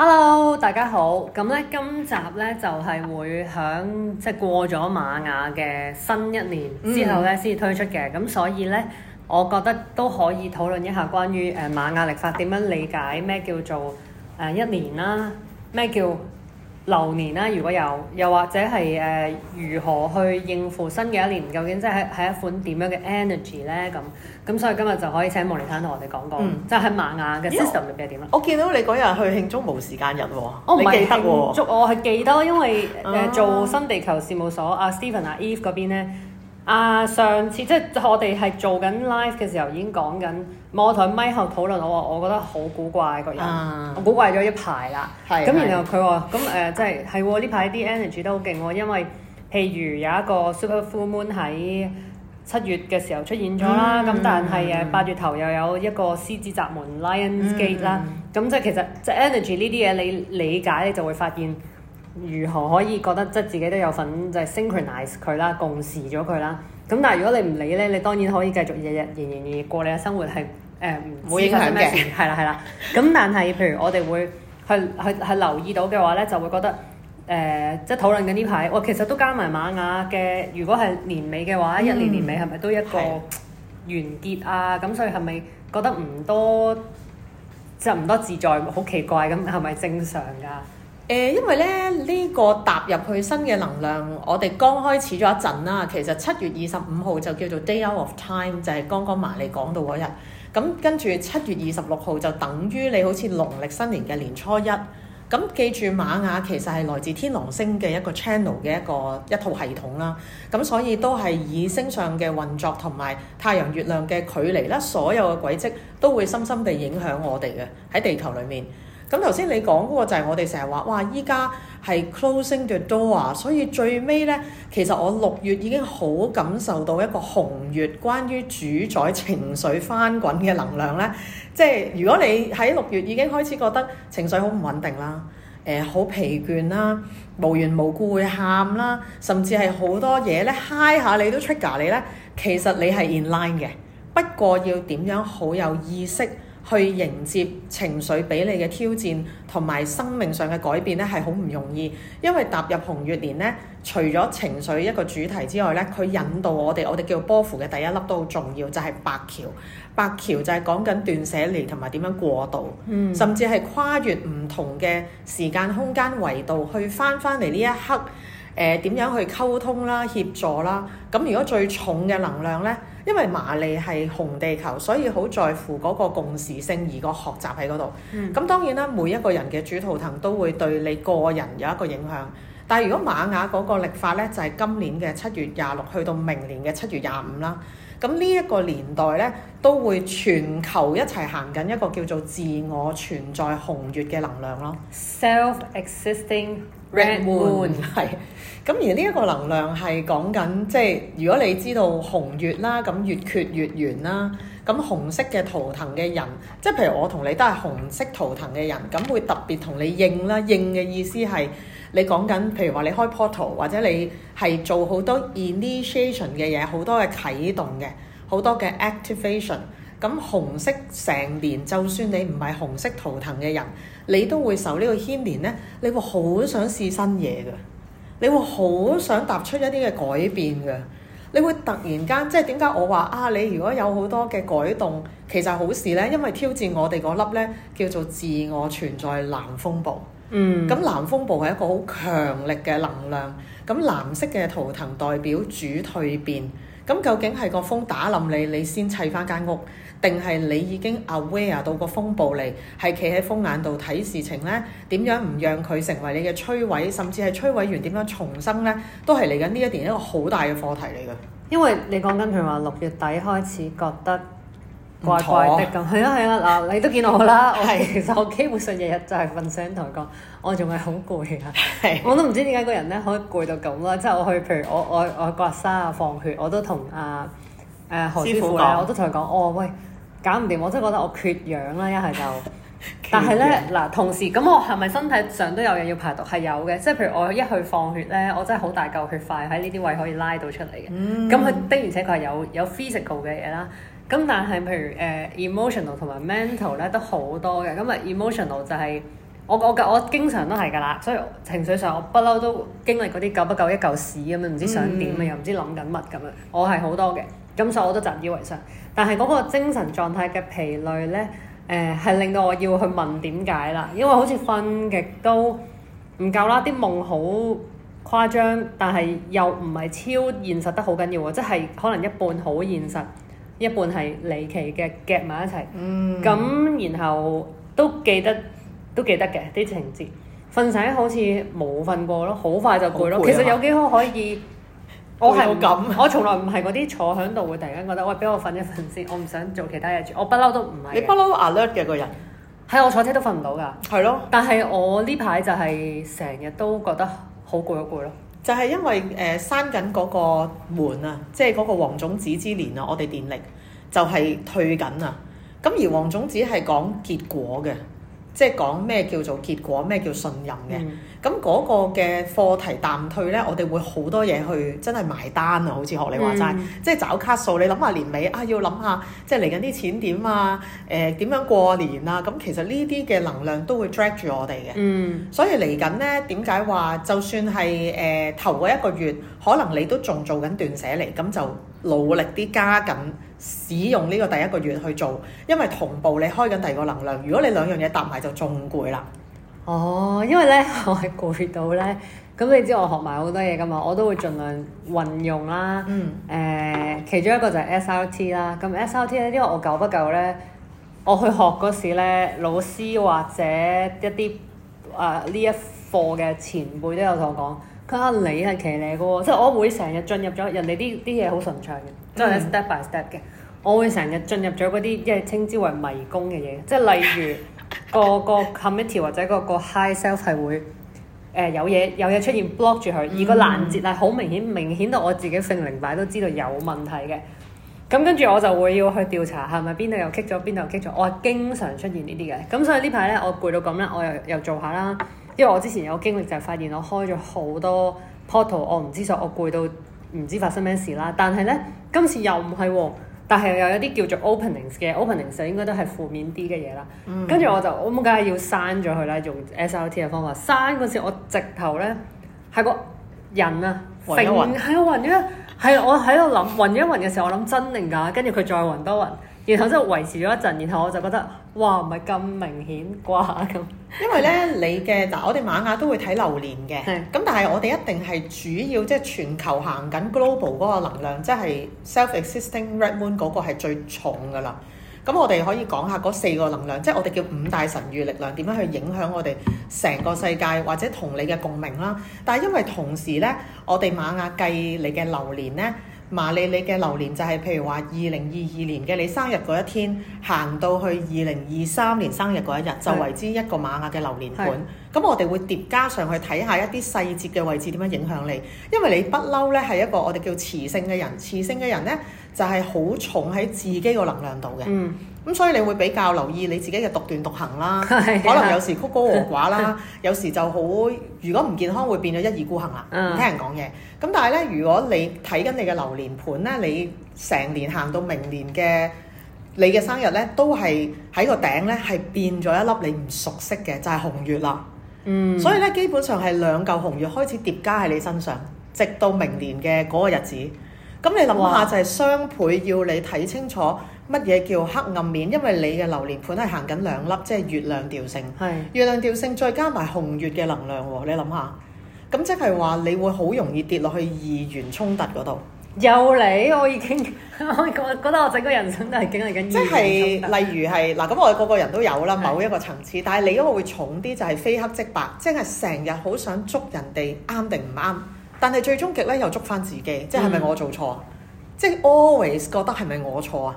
Hello，大家好。咁咧，今集咧就係、是、會響即係過咗瑪雅嘅新一年之後咧先至、mm hmm. 推出嘅。咁所以咧，我覺得都可以討論一下關於誒、呃、瑪雅曆法點樣理解，咩叫做誒、呃、一年啦、啊，咩叫流年啦、啊，如果有，又或者係誒、呃，如何去應付新嘅一年？究竟即係係一款點樣嘅 energy 咧？咁咁，所以今日就可以請夢妮妲同我哋講講，即係喺、嗯、瑪雅嘅 system 係點啦。Yes, sir, 我見到你嗰日去慶祝無時間日喎、哦，哦、你，我你記得喎？祝我係記得，因為誒、啊、做新地球事務所啊，Stephen 啊，Eve 嗰邊咧。啊！Uh, 上次即係我哋係做緊 live 嘅時候已經講緊，冇同佢咪後討論，我話我覺得好古怪個人，uh, 我古怪咗一排啦。咁是的 然後佢話：咁、嗯、誒，即係係喎，呢排啲 energy 都好勁喎，因為譬如有一個 Super Full Moon 喺七月嘅時候出現咗啦，咁、mm, 但係誒八月頭又有一個獅子閘門 （Lion's Gate） 啦，咁即係其實即係 energy 呢啲嘢，你理解咧就會發現。如何可以覺得即係自己都有份就係、是、synchronize 佢啦，共事咗佢啦。咁但係如果你唔理咧，你當然可以繼續日日年年月過你嘅生活，係誒唔會影響嘅。係啦係啦。咁但係譬如我哋會去去去，去留意到嘅話咧，就會覺得誒、呃、即係討論緊呢排，哇其實都加埋瑪雅嘅。如果係年尾嘅話，嗯、一年年尾係咪都一個完結啊？咁的所以係咪覺得唔多即係唔多自在？好奇怪咁係咪正常㗎？誒，因為咧呢個踏入去新嘅能量，我哋剛開始咗一陣啦。其實七月二十五號就叫做 Day Out of Time，就係剛剛麻利講到嗰日。咁跟住七月二十六號就等於你好似農曆新年嘅年初一。咁記住，瑪雅其實係來自天狼星嘅一個 channel 嘅一個一套系統啦。咁所以都係以星上嘅運作同埋太陽月亮嘅距離啦，所有嘅軌跡都會深深地影響我哋嘅喺地球裏面。咁頭先你講嗰個就係我哋成日話，哇！依家係 closing the door，所以最尾呢，其實我六月已經好感受到一個紅月關於主宰情緒翻滾嘅能量呢。即係如果你喺六月已經開始覺得情緒好唔穩定啦，誒、呃、好疲倦啦，無緣無故會喊啦，甚至係好多嘢呢，嗨下你都 trigger 你呢，其實你係 in line 嘅，不過要點樣好有意識。去迎接情緒俾你嘅挑戰，同埋生命上嘅改變咧，係好唔容易。因為踏入紅月年咧，除咗情緒一個主題之外咧，佢引導我哋，我哋叫波符嘅第一粒都好重要，就係、是、白橋。白橋就係講緊斷捨離同埋點樣過渡，嗯、甚至係跨越唔同嘅時間空間維度去翻翻嚟呢一刻。誒點、呃、樣去溝通啦、協助啦？咁如果最重嘅能量呢？因為麻利係紅地球，所以好在乎嗰個共時性而個學習喺嗰度。咁、嗯、當然啦，每一個人嘅主圖騰都會對你個人有一個影響。但係如果瑪雅嗰個曆法呢，就係、是、今年嘅七月廿六去到明年嘅七月廿五啦。咁呢一個年代呢，都會全球一齊行緊一個叫做自我存在紅月嘅能量咯。Self-existing. Red Moon 係。咁而呢一個能量係講緊，即係如果你知道紅月啦，咁月缺月圓啦，咁紅色嘅圖騰嘅人，即係譬如我同你都係紅色圖騰嘅人，咁會特別同你應啦。應嘅意思係你講緊，譬如話你開 portal 或者你係做好多 initiation 嘅嘢，好多嘅啟動嘅，好多嘅 activation。咁紅色成年，就算你唔係紅色圖騰嘅人，你都會受呢個牽連呢，你會好想試新嘢嘅，你會好想，想踏出一啲嘅改變嘅。你會突然間，即係點解我話啊？你如果有好多嘅改動，其實好事呢，因為挑戰我哋嗰粒呢叫做自我存在藍風暴。嗯。咁藍風暴係一個好強力嘅能量。咁藍色嘅圖騰代表主蛻變。咁究竟係個風打冧你，你先砌翻間屋？定係你已經 aware 到個風暴嚟，係企喺風眼度睇事情咧？點樣唔讓佢成為你嘅摧毀，甚至係摧毀完點樣重生咧？都係嚟緊呢一年一個好大嘅課題嚟㗎。因為你講緊譬如話六月底開始覺得怪怪的咁，係妥啊係啊嗱，你都見到我啦， 是我係其實我基本上日日就係瞓醒同佢講，我仲係好攰啊，係是我都唔知點解個人咧可以攰到咁啦。即、就、係、是、我去譬如我我我刮痧啊放血，我都同阿誒何師傅咧說，我都同佢講，哦喂！喂搞唔掂，我真係覺得我缺氧啦，一係就。 氧但係咧，嗱，同時咁我係咪身體上都有嘢要排毒？係有嘅，即係譬如我一去放血咧，我真係好大嚿血塊喺呢啲位可以拉到出嚟嘅。咁佢、嗯、的而且確係有有 physical 嘅嘢啦。咁但係譬如誒、呃、emotional 同埋 mental 咧都好多嘅。咁啊 emotional 就係、是、我我我，我經常都係㗎啦，所以情緒上我不嬲都經歷嗰啲夠不夠一嚿屎咁樣，唔、嗯、知想點啊，又唔知諗緊乜咁啊，我係好多嘅。咁所以我都習以為常，但係嗰個精神狀態嘅疲累呢，誒、呃、係令到我要去問點解啦，因為好似瞓極都唔夠啦，啲夢好誇張，但係又唔係超現實得好緊要啊，即係可能一半好現實，一半係離奇嘅夾埋一齊，咁、嗯、然後都記得都記得嘅啲情節，瞓醒好似冇瞓過咯，好快就攰咯，啊、其實有幾好可以。我係咁，我從來唔係嗰啲坐喺度會突然間覺得，喂，俾我瞓一瞓先，我唔想做其他嘢住，我不嬲都唔係。你不嬲 alert 嘅個人，喺我坐車都瞓唔到㗎。係咯。但係我呢排就係成日都覺得好攰攰咯。就係因為誒閂緊嗰個門啊，即係嗰個黃種子之年啊，我哋電力就係退緊啊。咁而黃種子係講結果嘅，即係講咩叫做結果，咩叫信任嘅。嗯咁嗰個嘅課題淡退咧，我哋會好多嘢去真係埋單啊，好似學你話齋，嗯、即係找卡數。你諗下年尾啊，要諗下即係嚟緊啲錢點啊，誒、呃、點樣過年啊。咁、嗯、其實呢啲嘅能量都會 drag 住我哋嘅。嗯。所以嚟緊咧，點解話就算係誒、呃、頭嗰一個月，可能你都仲做緊斷捨離，咁就努力啲加緊使用呢個第一個月去做，因為同步你開緊第二個能量。如果你兩樣嘢搭埋就仲攰啦。哦，oh，因為咧，我係攰到咧，咁你知我學埋好多嘢噶嘛，我都會盡量運用啦。嗯，誒，其中一個就係 SRT 啦。咁 SRT 咧，因為我久不久咧，我去學嗰時咧，老師或者一啲啊呢一課嘅前輩都有同我講，佢、啊、話你係騎呢個，即係我會成日進入咗人哋啲啲嘢好順暢嘅，即係、就是、step by step 嘅。Mm. 我會成日進入咗嗰啲即係稱之為迷宮嘅嘢，即係例如。 個個 committee 或者個個 high self 係會誒、呃、有嘢有嘢出現 block 住佢，而個攔截係好、mm hmm. 明顯，明顯到我自己性 e l 都知道有問題嘅。咁跟住我就會要去調查係咪邊度又棘咗，邊度又棘咗，我係經常出現呢啲嘅。咁所以呢排咧我攰到咁啦，我又又做下啦。因為我之前有經歷就係發現我開咗好多 portal，我唔知所，我攰到唔知發生咩事啦。但係咧今次又唔係喎。但係又有一啲叫做 openings 嘅 openings，就應該都係負面啲嘅嘢啦。跟住、嗯、我就，我咁梗係要刪咗佢啦。用 SRT 嘅方法刪嗰時我，我直頭咧係個人啊，揈係個雲暈一，係我喺度諗暈一暈嘅時候，我諗真定假？跟住佢再暈多暈，然後之後維持咗一陣，然後我就覺得。哇，唔係咁明顯啩咁？ 因為咧，你嘅嗱，我哋瑪雅都會睇流年嘅，咁的但係我哋一定係主要即係、就是、全球行緊 global 嗰個能量，即、就、係、是、self-existing red moon 嗰個係最重㗎啦。咁我哋可以講下嗰四個能量，即、就、係、是、我哋叫五大神諭力量點樣去影響我哋成個世界或者同你嘅共鳴啦。但係因為同時咧，我哋瑪雅計你嘅流年咧。麻利你嘅流年就係譬如話二零二二年嘅你生日嗰一天，行到去二零二三年生日嗰一日，就為之一個瑪雅嘅流年盤。咁是我哋會疊加上去睇下一啲細節嘅位置點樣影響你，因為你不嬲咧係一個我哋叫磁性嘅人，磁性嘅人呢，就係、是、好重喺自己個能量度嘅。嗯。咁所以你會比較留意你自己嘅獨斷獨行啦， 可能有時曲高和寡啦， 有時就好。如果唔健康，會變咗一意孤行啦，唔 聽人講嘢。咁但係咧，如果你睇緊你嘅流年盤咧，你成年行到明年嘅你嘅生日咧，都係喺個頂咧，係變咗一粒你唔熟悉嘅，就係、是、紅月啦。嗯，所以咧基本上係兩嚿紅月開始疊加喺你身上，直到明年嘅嗰個日子。咁你諗下就係雙倍，要你睇清楚。乜嘢叫黑暗面？因為你嘅流年盤係行緊兩粒，即係月亮調性。係是月亮調性，再加埋紅月嘅能量喎。你諗下，咁即係話你會好容易跌落去二元衝突嗰度。又嚟，我已經我覺得我整個人生都係經歷緊二元衝突。即係例如係嗱，咁我哋個個人都有啦，某一個層次。是但係你因為會重啲，就係非黑即白，即係成日好想捉人哋啱定唔啱，但係最終極咧又捉翻自己，即係係咪我做錯？即係、嗯、always 覺得係咪我錯啊？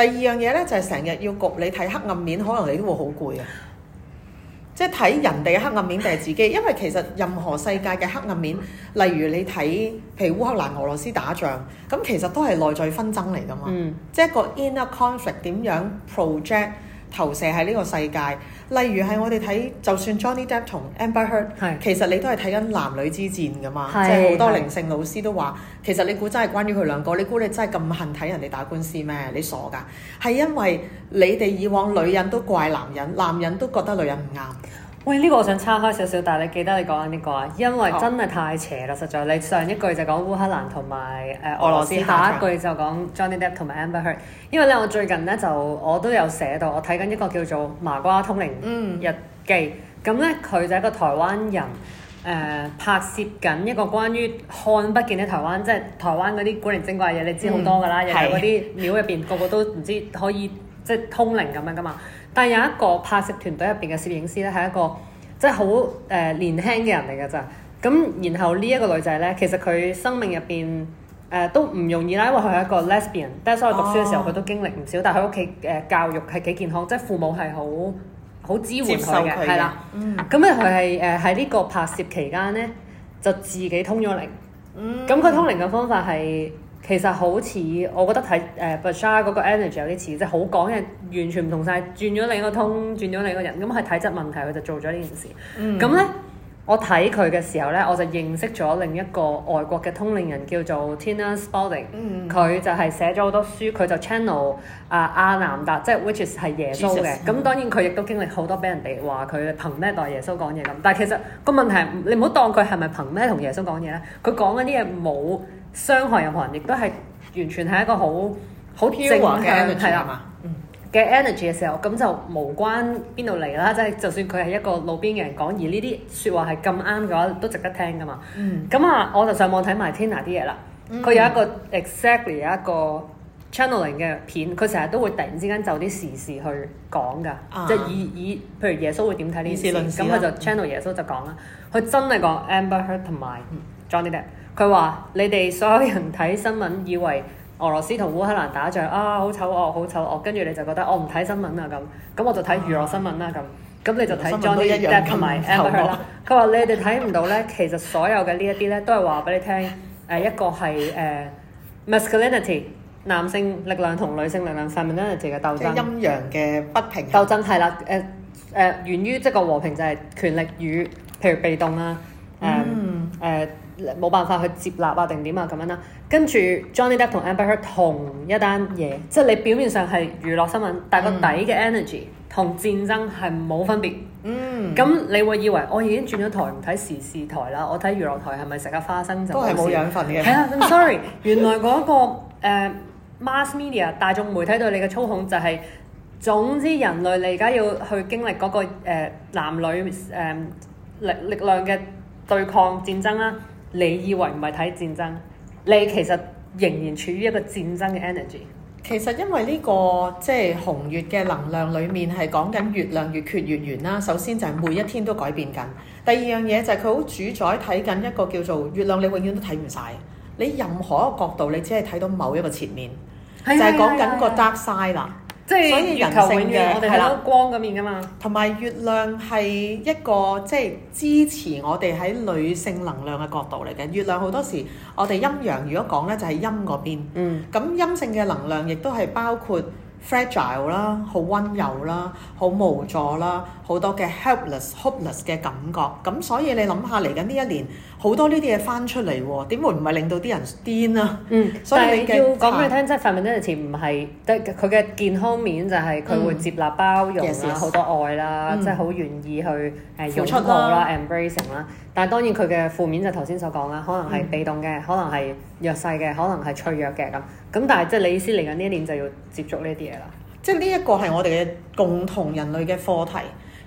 第二樣嘢咧就係成日要焗你睇黑暗面，可能你都會好攰啊！即係睇人哋嘅黑暗面定係自己？因為其實任何世界嘅黑暗面，例如你睇譬如烏克蘭、俄羅斯打仗，咁其實都係內在紛爭嚟㗎嘛。嗯，即係個 inner conflict 點樣 project？投射喺呢個世界，例如係我哋睇，就算 Johnny Depp 同 Amber Heard，是其實你都係睇緊男女之戰噶嘛，是即係好多靈性老師都話，其實你估真係關於佢兩個？你估你真係咁恨睇人哋打官司咩？你傻噶，係因為你哋以往女人都怪男人，男人都覺得女人唔啱。喂，呢、呢個我想岔開少少，但係你記得你講緊呢個啊？因為真係太邪啦，oh. 實在。你上一句就講烏克蘭同埋誒俄羅斯， 下一句就講 Johnny Depp 同埋 Amber Heard。因為咧，我最近咧就我都有寫到，我睇緊一個叫做《麻瓜通靈日記》。咁咧、mm.，佢就係一個台灣人誒、呃、拍攝緊一個關於看不見嘅台灣，即係台灣嗰啲古靈精怪嘢，mm. 你知好多㗎啦。又有嗰啲廟入邊個個都唔知可以即係通靈咁樣㗎嘛？但係有一個拍攝團隊入邊嘅攝影師咧，係一個即係好誒年輕嘅人嚟㗎咋。咁然後呢一個女仔咧，其實佢生命入邊誒都唔容易啦，因為佢係一個 lesbian，但係所以讀書嘅時候佢、Oh. 都經歷唔少。但係佢屋企誒教育係幾健康，即係父母係好好支援佢嘅，係啦。咁咧佢係誒喺呢個拍攝期間咧，就自己通咗靈。咁佢通靈嘅方法係？其實好似我覺得睇誒、呃、Bashar 嗰個 energy 有啲似，即係好講嘅完全唔同晒。轉咗另一個通，轉咗另一個人。咁係體質問,問題，佢就做咗呢件事。咁咧、mm.，我睇佢嘅時候咧，我就認識咗另一個外國嘅通靈人叫做 Tina Spalding，佢就係寫咗好多書，佢就 channel、呃、阿南達，即係 Which is 係耶穌嘅。咁 Jesus. 當然佢亦都經歷好多俾人哋話佢憑咩代耶穌講嘢咁。但係其實個問題，你唔好當佢係咪憑咩同耶穌講嘢咧？佢講嗰啲嘢冇。傷害任何人，亦都係完全係一個好好正向嘅 energy 嘅、啊、吧時候，咁就無關邊度嚟啦。即、就、係、是、就算佢係一個路邊嘅人講，而呢啲説話係咁啱嘅話，都值得聽噶嘛。咁啊、嗯，我就上網睇埋 Tina 啲嘢啦。佢、嗯、有一個 exactly 有一個 channeling 嘅片，佢成日都會突然之間就啲時事去講噶，啊、即係以以譬如耶穌會點睇呢啲事，咁佢就 channel 耶穌就講啦。佢、嗯、真係講 Amber Heard 同埋。Johnny Depp，佢話：你哋所有人睇新聞以為俄羅斯同烏克蘭打仗啊，好醜惡，好醜惡，跟住你就覺得我唔睇新聞啊咁，咁我就睇娛樂新聞啦咁，咁你就睇 Johnny Depp 同埋 Emma，佢話你哋睇唔到咧，其實所有嘅呢一啲咧都係話俾你聽，誒一個係誒 masculinity 男性力量同女性力量 femininity 嘅鬥爭，即係陰陽嘅不平衡。鬥爭係啦，誒誒源於即係個和平就係權力與譬如被動啦。誒誒。冇辦法去接納啊，定點啊咁樣啦。跟住 Johnny Depp 同 Amber 同一單嘢，即係你表面上係娛樂新聞，但個、嗯、底嘅 energy 同戰爭係冇分別。嗯，咁你會以為我已經轉咗台唔睇時事台啦，我睇娛樂台係咪食下花生就係？都係冇養分嘅。係啊，I'm sorry，原來嗰、那個、uh, mass media 大眾媒體對你嘅操控就係、是，總之人類你而家要去經歷嗰、那個、uh, 男女誒、uh, 力力量嘅對抗戰爭啦、啊。你以為唔係睇戰爭，你其實仍然處於一個戰爭嘅 energy。其實因為呢、這個即係、就是、紅月嘅能量裡面係講緊月亮月缺月圓啦。首先就係每一天都改變緊，第二樣嘢就係佢好主宰睇緊一個叫做月亮，你永遠都睇唔晒。你任何一個角度，你只係睇到某一個切面，是的 就係講緊個 dark side 啦。即係月球人性永遠我哋睇到光嗰面噶嘛的，同埋月亮係一個即係、就是、支持我哋喺女性能量嘅角度嚟嘅。月亮好多時我哋陰陽如果講咧，就係陰嗰邊。嗯，咁陰性嘅能量亦都係包括。fragile 啦，好溫柔啦，好無助啦，好多嘅 helpless、hopeless 嘅感覺。咁所以你諗下嚟緊呢一年，好多呢啲嘢翻出嚟喎，點會唔係令到啲人癲啊？嗯，所以你要講俾你聽，即係繁文多字詞唔係得佢嘅健康面，就係佢會接納包容啊，好、嗯 yes, yes. 多愛啦，嗯、即係好願意去誒付出啦，embracing 啦。但係當然佢嘅負面就頭先所講啦，可能係被動嘅、嗯，可能係弱勢嘅，可能係脆弱嘅咁。咁但係即係你意思嚟緊呢一年就要接觸呢啲嘢啦，即係呢一個係我哋嘅共同人類嘅課題。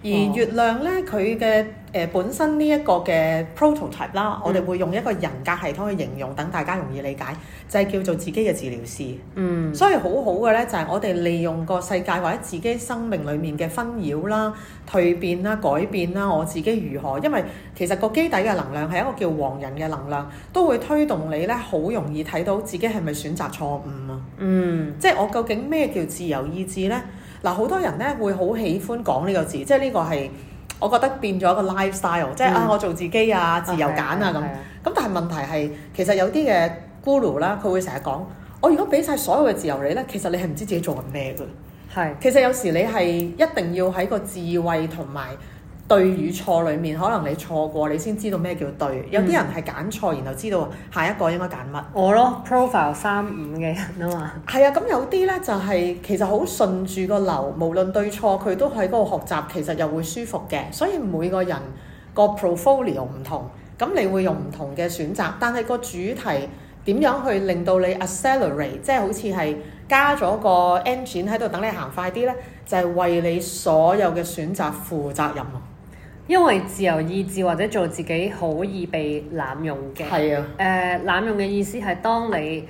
而月亮咧，佢嘅誒本身呢一個嘅 prototype 啦、嗯，我哋會用一個人格系統去形容，等大家容易理解，就係叫做自己嘅治療師。嗯，所以好好嘅咧，就係我哋利用個世界或者自己生命裡面嘅紛擾啦、蛻變啦、改變啦，我自己如何？因為其實個基底嘅能量係一個叫黃人嘅能量，都會推動你咧，好容易睇到自己係咪選擇錯誤啊。嗯，即係我究竟咩叫自由意志呢？嗱，好多人咧會好喜歡講呢個字，即係呢個係我覺得變咗一個 lifestyle，嗯、即係啊，我做自己啊，自由揀啊咁。咁但係問題係，其實有啲嘅 Guru 啦，佢會成日講，我如果俾晒所有嘅自由你咧，其實你係唔知自己做緊咩㗎。係對，其實有時你係一定要喺個智慧同埋對與錯裡面，可能你錯過，你先知道咩叫對。有啲人係揀錯，然後知道下一個應該揀乜。我咯，Profile 三五嘅人啊嘛。係、no、啊，咁有啲呢，就係、是、其實好順住個流，無論對錯佢都喺嗰度學習，其實又會舒服嘅。所以每個人個 portfolio 唔同，咁你會用唔同嘅選擇，但係個主題點樣去令到你 accelerate，即係好似係加咗個 engine 喺度等你行快啲呢，就係、是、為你所有嘅選擇負責任。因為自由意志或者做自己可以被濫用嘅是、啊呃，誒濫用嘅意思係當你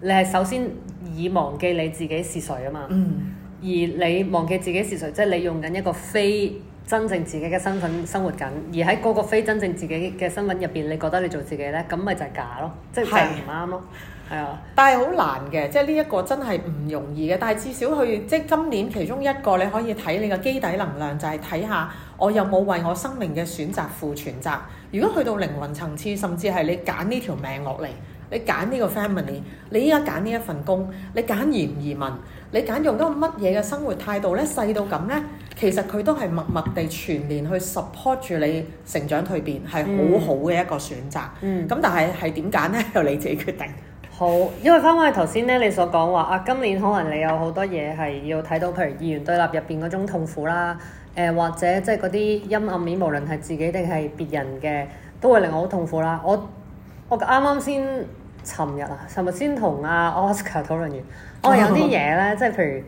你係首先已忘記你自己是誰啊嘛，嗯、而你忘記自己是誰，即係你用緊一個非真正自己嘅身份生活緊，而喺嗰個非真正自己嘅身份入邊，你覺得你做自己咧，咁咪就係假咯，即係就唔啱咯，係是是啊但，但係好難嘅，即係呢一個真係唔容易嘅。但係至少去即係今年其中一個你可以睇你個基底能量，就係、是、睇下。我又冇為我生命嘅選擇負全責。如果去到靈魂層次，甚至係你揀呢條命落嚟，你揀呢個 family，你依家揀呢一份工，你揀移唔移民，你揀用到個乜嘢嘅生活態度咧，細到咁呢，其實佢都係默默地全年去 support 住你成長蛻變，係好好嘅一個選擇。咁、嗯嗯、但係係點揀呢？由你自己決定。好，因為翻返去頭先呢，你所講話啊，今年可能你有好多嘢係要睇到，譬如二元對立入邊嗰種痛苦啦。誒、呃、或者即係嗰啲陰暗面，無論係自己定係別人嘅，都會令我好痛苦啦。我我啱啱先尋日啊，尋日先同阿 Oscar 討論完，哦、我有啲嘢咧，即係譬如誒、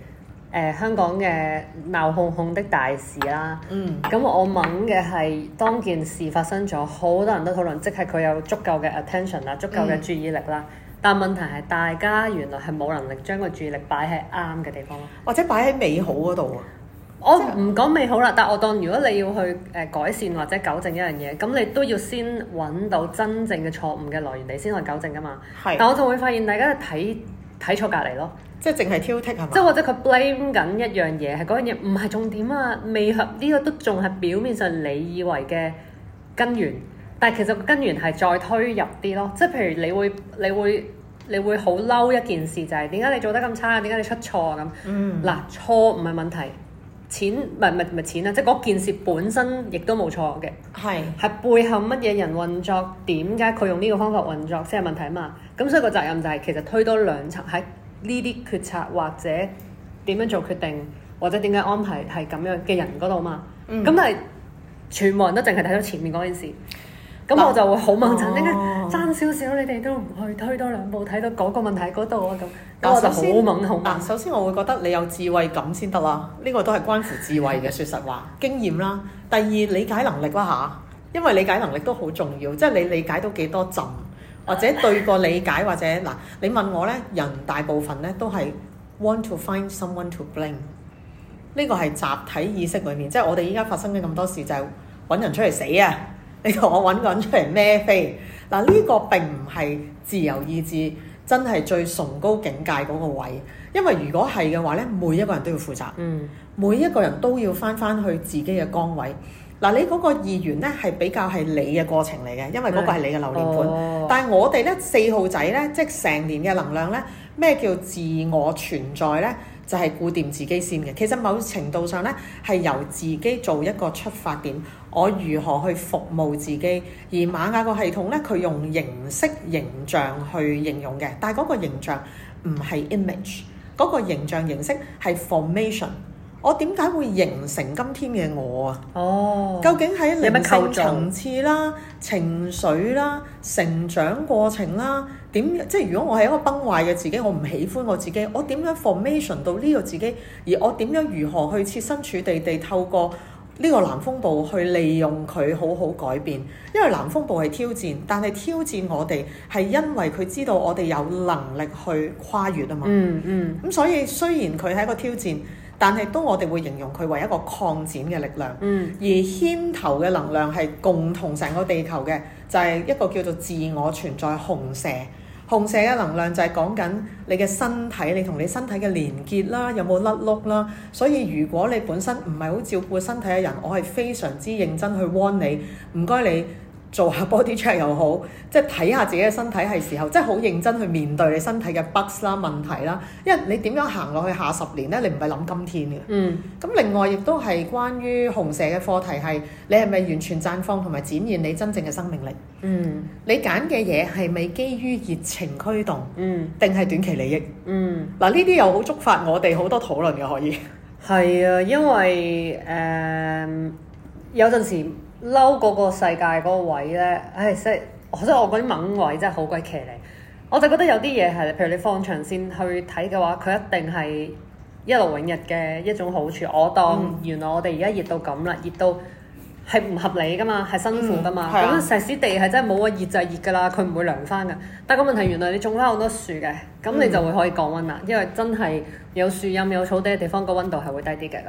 呃、香港嘅鬧哄哄的大事啦。嗯，咁我問嘅係當件事發生咗，好多人都討論，即係佢有足夠嘅 attention 啦，足夠嘅注意力啦。嗯、但問題係大家原來係冇能力將個注意力擺喺啱嘅地方咯，或者擺喺美好嗰度啊？我唔講未好啦，但我當如果你要去誒改善或者糾正一樣嘢，咁你都要先揾到真正嘅錯誤嘅來源，你先去糾正噶嘛。係。但我就會發現大家睇睇錯隔離咯，即係淨係挑剔係嘛？即係或者佢 blame 緊一樣嘢，係嗰樣嘢唔係重點啊，未合呢個都仲係表面上你以為嘅根源，但係其實個根源係再推入啲咯。即係譬如你會你會你會好嬲一件事，就係點解你做得咁差？點解你出錯咁？嗯。嗱，錯唔係問題。錢唔係唔係錢啊！即係嗰件事本身亦都冇錯嘅，係係是背後乜嘢人運作，點解佢用呢個方法運作先係問題啊嘛？咁所以個責任就係其實推多兩層喺呢啲決策或者點樣做決定，或者點解安排係咁樣嘅人嗰度嘛？咁、嗯、但係全部人都淨係睇到前面嗰件事。咁我就會好掹，點解爭少少你哋都唔去，推多兩步睇到嗰個問題嗰度啊咁。我就好掹，好掹。首先我會覺得你有智慧感先得啦，呢、這個都係關乎智慧嘅，說實話。經驗啦，第二理解能力啦嚇、啊，因為理解能力都好重要，即係你理解到幾多陣，或者對個理解或者嗱，你問我呢，人大部分呢都係 want to find someone to blame。呢個係集體意識裏面，即係我哋依家發生嘅咁多事就係揾人出嚟死啊！你同我揾個人出嚟孭飛。嗱、這、呢個並唔係自由意志，真係最崇高境界嗰個位。因為如果係嘅話呢，每一個人都要負責，每一個人都要返返、嗯、去自己嘅崗位。嗱、嗯，你嗰個意願咧係比較係你嘅過程嚟嘅，因為嗰個係你嘅流年盤。嗯哦、但係我哋呢四號仔呢，即成年嘅能量呢，咩叫自我存在呢？就係固定自己先嘅。其實某程度上呢，係由自己做一個出發點。嗯我如何去服務自己？而瑪雅個系統咧，佢用形式形象去形容嘅，但係嗰個形象唔係 image，嗰個形象形式係 formation。我點解會形成今天嘅我啊？哦，究竟喺靈性層次啦、情緒啦、成長過程啦，點即係如果我係一個崩壞嘅自己，我唔喜歡我自己，我點樣 formation 到呢個自己？而我點樣如何去設身處地地透過？呢個南風暴去利用佢好好改變，因為南風暴係挑戰，但係挑戰我哋係因為佢知道我哋有能力去跨越啊嘛。嗯嗯。咁、嗯嗯、所以雖然佢係一個挑戰，但係都我哋會形容佢為一個擴展嘅力量。嗯。而牽頭嘅能量係共同成個地球嘅，就係、是、一個叫做自我存在紅月。放射嘅能量就係講緊你嘅身體，你同你身體嘅連結啦，有冇甩碌啦？所以如果你本身唔係好照顧身體嘅人，我係非常之認真去 warn you，你，唔該你。做下 body check 又好，即係睇下自己嘅身體係時候，即係好認真去面對你身體嘅 b u s 啦，問題啦。因為你點樣行落去下十年呢？你唔係諗今天嘅。嗯。咁另外亦都係關於紅蛇嘅課題係，你係咪完全綻放同埋展現你真正嘅生命力？嗯。你揀嘅嘢係咪基於熱情驅動？嗯。定係短期利益？嗯。嗱，呢啲又好觸發我哋好多討論嘅可以。係啊，因為誒、呃、有陣時。嬲嗰個世界嗰個位咧，唉，覺得真係我真係我啲猛位真係好鬼騎呢！我就覺得有啲嘢係，譬如你放長線去睇嘅話，佢一定係一勞永逸嘅一種好處。我當原來我哋而家熱到咁啦，熱到係唔合理噶嘛，係辛苦噶嘛。咁、嗯、石屎地係真係冇啊，熱就係熱噶啦，佢唔會涼翻噶。但係個問題原來你種翻好多樹嘅，咁你就會可以降溫啦，嗯、因為真係有樹蔭有草地嘅地方、個溫度係會低啲嘅咁。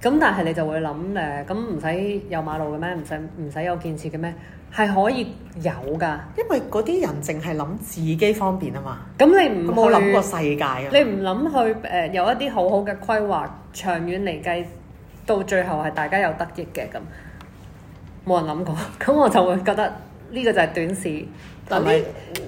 咁但係你就會諗誒，咁唔使有馬路嘅咩？唔使唔使有建設嘅咩？係可以有噶，因為嗰啲人淨係諗自己方便啊嘛。咁你唔冇諗過世界啊？你唔諗去誒、呃、有一啲好好嘅規劃，長遠嚟計，到最後係大家有得益嘅咁，冇人諗過。咁 我就會覺得。呢個就係短視同埋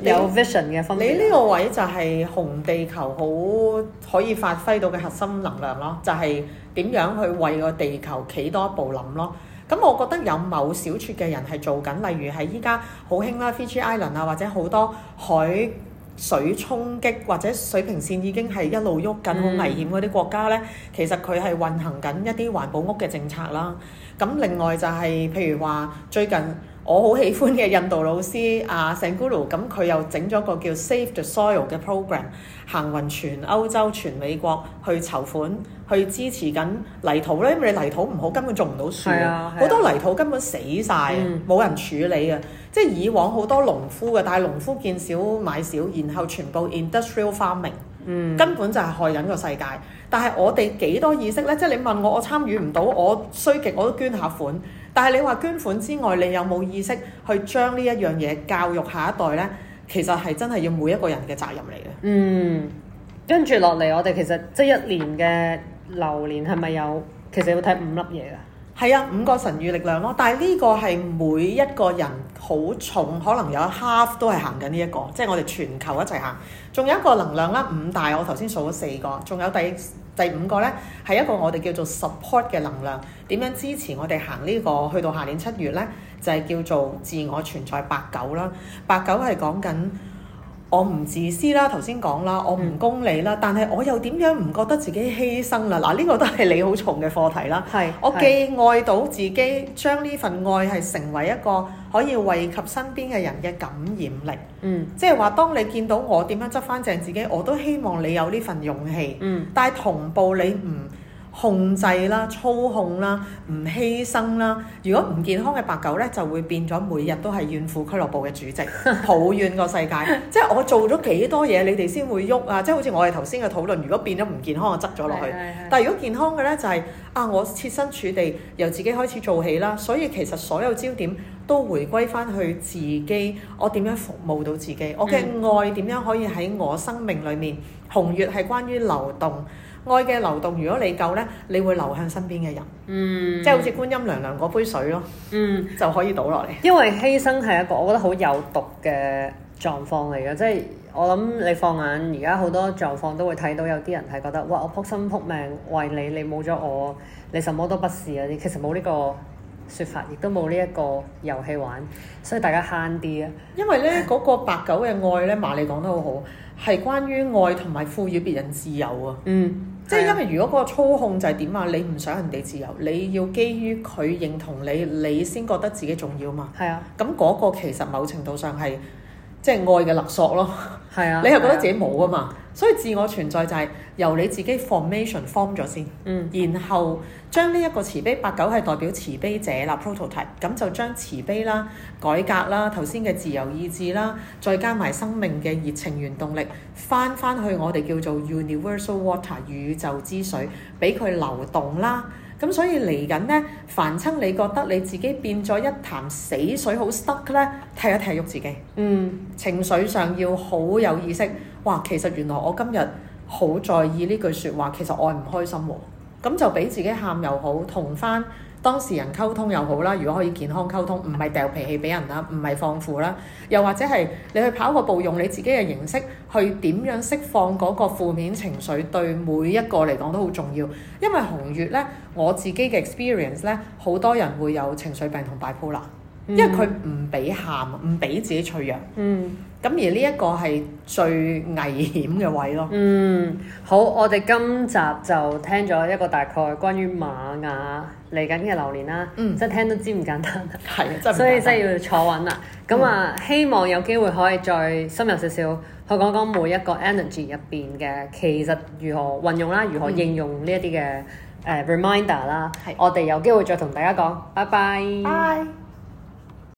有 vision 嘅分別。你呢個位就係紅地球好可以發揮到嘅核心能量咯，就係、是、點樣去為個地球企多一步諗咯。咁我覺得有某小撮嘅人係做緊，例如係依家好興啦 Fiji Island 啊，或者好多海水衝擊或者水平線已經係一路喐緊好危險嗰啲國家呢，嗯、其實佢係運行緊一啲環保屋嘅政策啦。咁另外就係、是、譬如話最近。我好喜歡嘅印度老師阿、啊、Sadhguru 咁佢又整咗個叫 Save the Soil 嘅 program，行勻全歐洲、全美國去籌款，去支持緊泥土咧，因為你泥土唔好，根本種唔到樹啊。好、啊、多泥土根本死晒，冇、嗯、人處理啊。即係以往好多農夫嘅，但係農夫見少買少，然後全部 industrial farming、嗯，根本就係害緊個世界。但係我哋幾多意識咧？即係你問我，我參與唔到，嗯、我衰極我都捐下款。但係你話捐款之外，你有冇意識去將呢一樣嘢教育下一代呢？其實係真係要每一個人嘅責任嚟嘅。嗯，跟住落嚟，我哋其實即一年嘅流年係咪有？其實要睇五粒嘢㗎。係啊，五個神與力量咯，但係呢個係每一個人好重，可能有一 half 都係行緊呢一個，即係我哋全球一齊行。仲有一個能量啦，五大我頭先數咗四個，仲有第第五個呢，係一個我哋叫做 support 嘅能量，點樣支持我哋行呢個？去到下年七月呢，就係、是、叫做自我存在八九啦，八九係講緊。我唔自私啦，頭先講啦，我唔功利啦，嗯、但係我又點樣唔覺得自己犧牲啦？嗱，呢、這個都係你好重嘅課題啦。係是，我既愛到自己，將呢份愛係成為一個可以惠及身邊嘅人嘅感染力。嗯，即係話，當你見到我點樣執翻正自己，我都希望你有呢份勇氣。嗯，但係同步你唔控制啦，操控啦，唔犧牲啦。如果唔健康嘅白狗呢，就會變咗每日都係怨婦俱樂部嘅主席，抱怨個世界。 即係我做咗幾多嘢，你哋先會喐啊！即係好似我哋頭先嘅討論。如果變咗唔健康，我執咗落去。是是是是但係如果健康嘅呢，就係、是、啊，我設身處地，由自己開始做起啦。所以其實所有焦點都回歸翻去自己，我點樣服務到自己？我嘅愛點樣可以喺我生命裡面？紅月係關於流動。愛嘅流動，如果你夠呢，你會流向身邊嘅人，嗯、即係好似觀音娘娘嗰杯水咯，嗯、就可以倒落嚟。因為犧牲係一個我覺得好有毒嘅狀況嚟嘅，即係我諗你放眼而家好多狀況都會睇到有啲人係覺得，哇！我撲心撲命為你，你冇咗我，你什麼都不是啊！你其實冇呢個説法，亦都冇呢一個遊戲玩，所以大家慳啲啊。因為呢嗰 個白狗嘅愛呢，麻利講得好好。係關於愛同埋賦予別人自由啊！嗯，即係因為如果嗰個操控就係點啊？你唔想人哋自由，你要基於佢認同你，你先覺得自己重要嘛？係啊、嗯，咁嗰個其實某程度上係即係愛嘅勒索咯。係 啊，你係覺得自己冇啊嘛？所以自我存在就係由你自己 formation form 咗先，嗯，然後將呢一個慈悲八九係代表慈悲者啦 prototype，咁就將慈悲啦、改革啦、頭先嘅自由意志啦，再加埋生命嘅熱情原動力，翻翻去我哋叫做 universal water 宇宙之水，俾佢流動啦。咁所以嚟緊呢，凡親你覺得你自己變咗一潭死水好 stuck 咧，踢一踢喐自己，嗯，情緒上要好有意識。哇！其實原來我今日好在意呢句説話，其實我係唔開心喎。咁就俾自己喊又好，同返當事人溝通又好啦。如果可以健康溝通，唔係掉脾氣俾人啦，唔係放負啦，又或者係你去跑個步，用你自己嘅形式去點樣釋放嗰個負面情緒，對每一個嚟講都好重要。因為紅月呢，我自己嘅 experience 呢，好多人會有情緒病同 bipolar 啦。因為佢唔俾喊，唔俾自己脆弱。嗯。咁而呢一個係最危險嘅位咯。嗯。好，我哋今集就聽咗一個大概關於瑪雅嚟緊嘅流年啦。嗯。即係聽都知唔簡單。係。 所以真係要坐穩啦。咁啊，嗯、希望有機會可以再深入少少去講講每一個 energy 入邊嘅其實如何運用啦，如何應用呢一啲嘅誒 reminder 啦、嗯。係、嗯。我哋有機會再同大家講，拜拜。拜。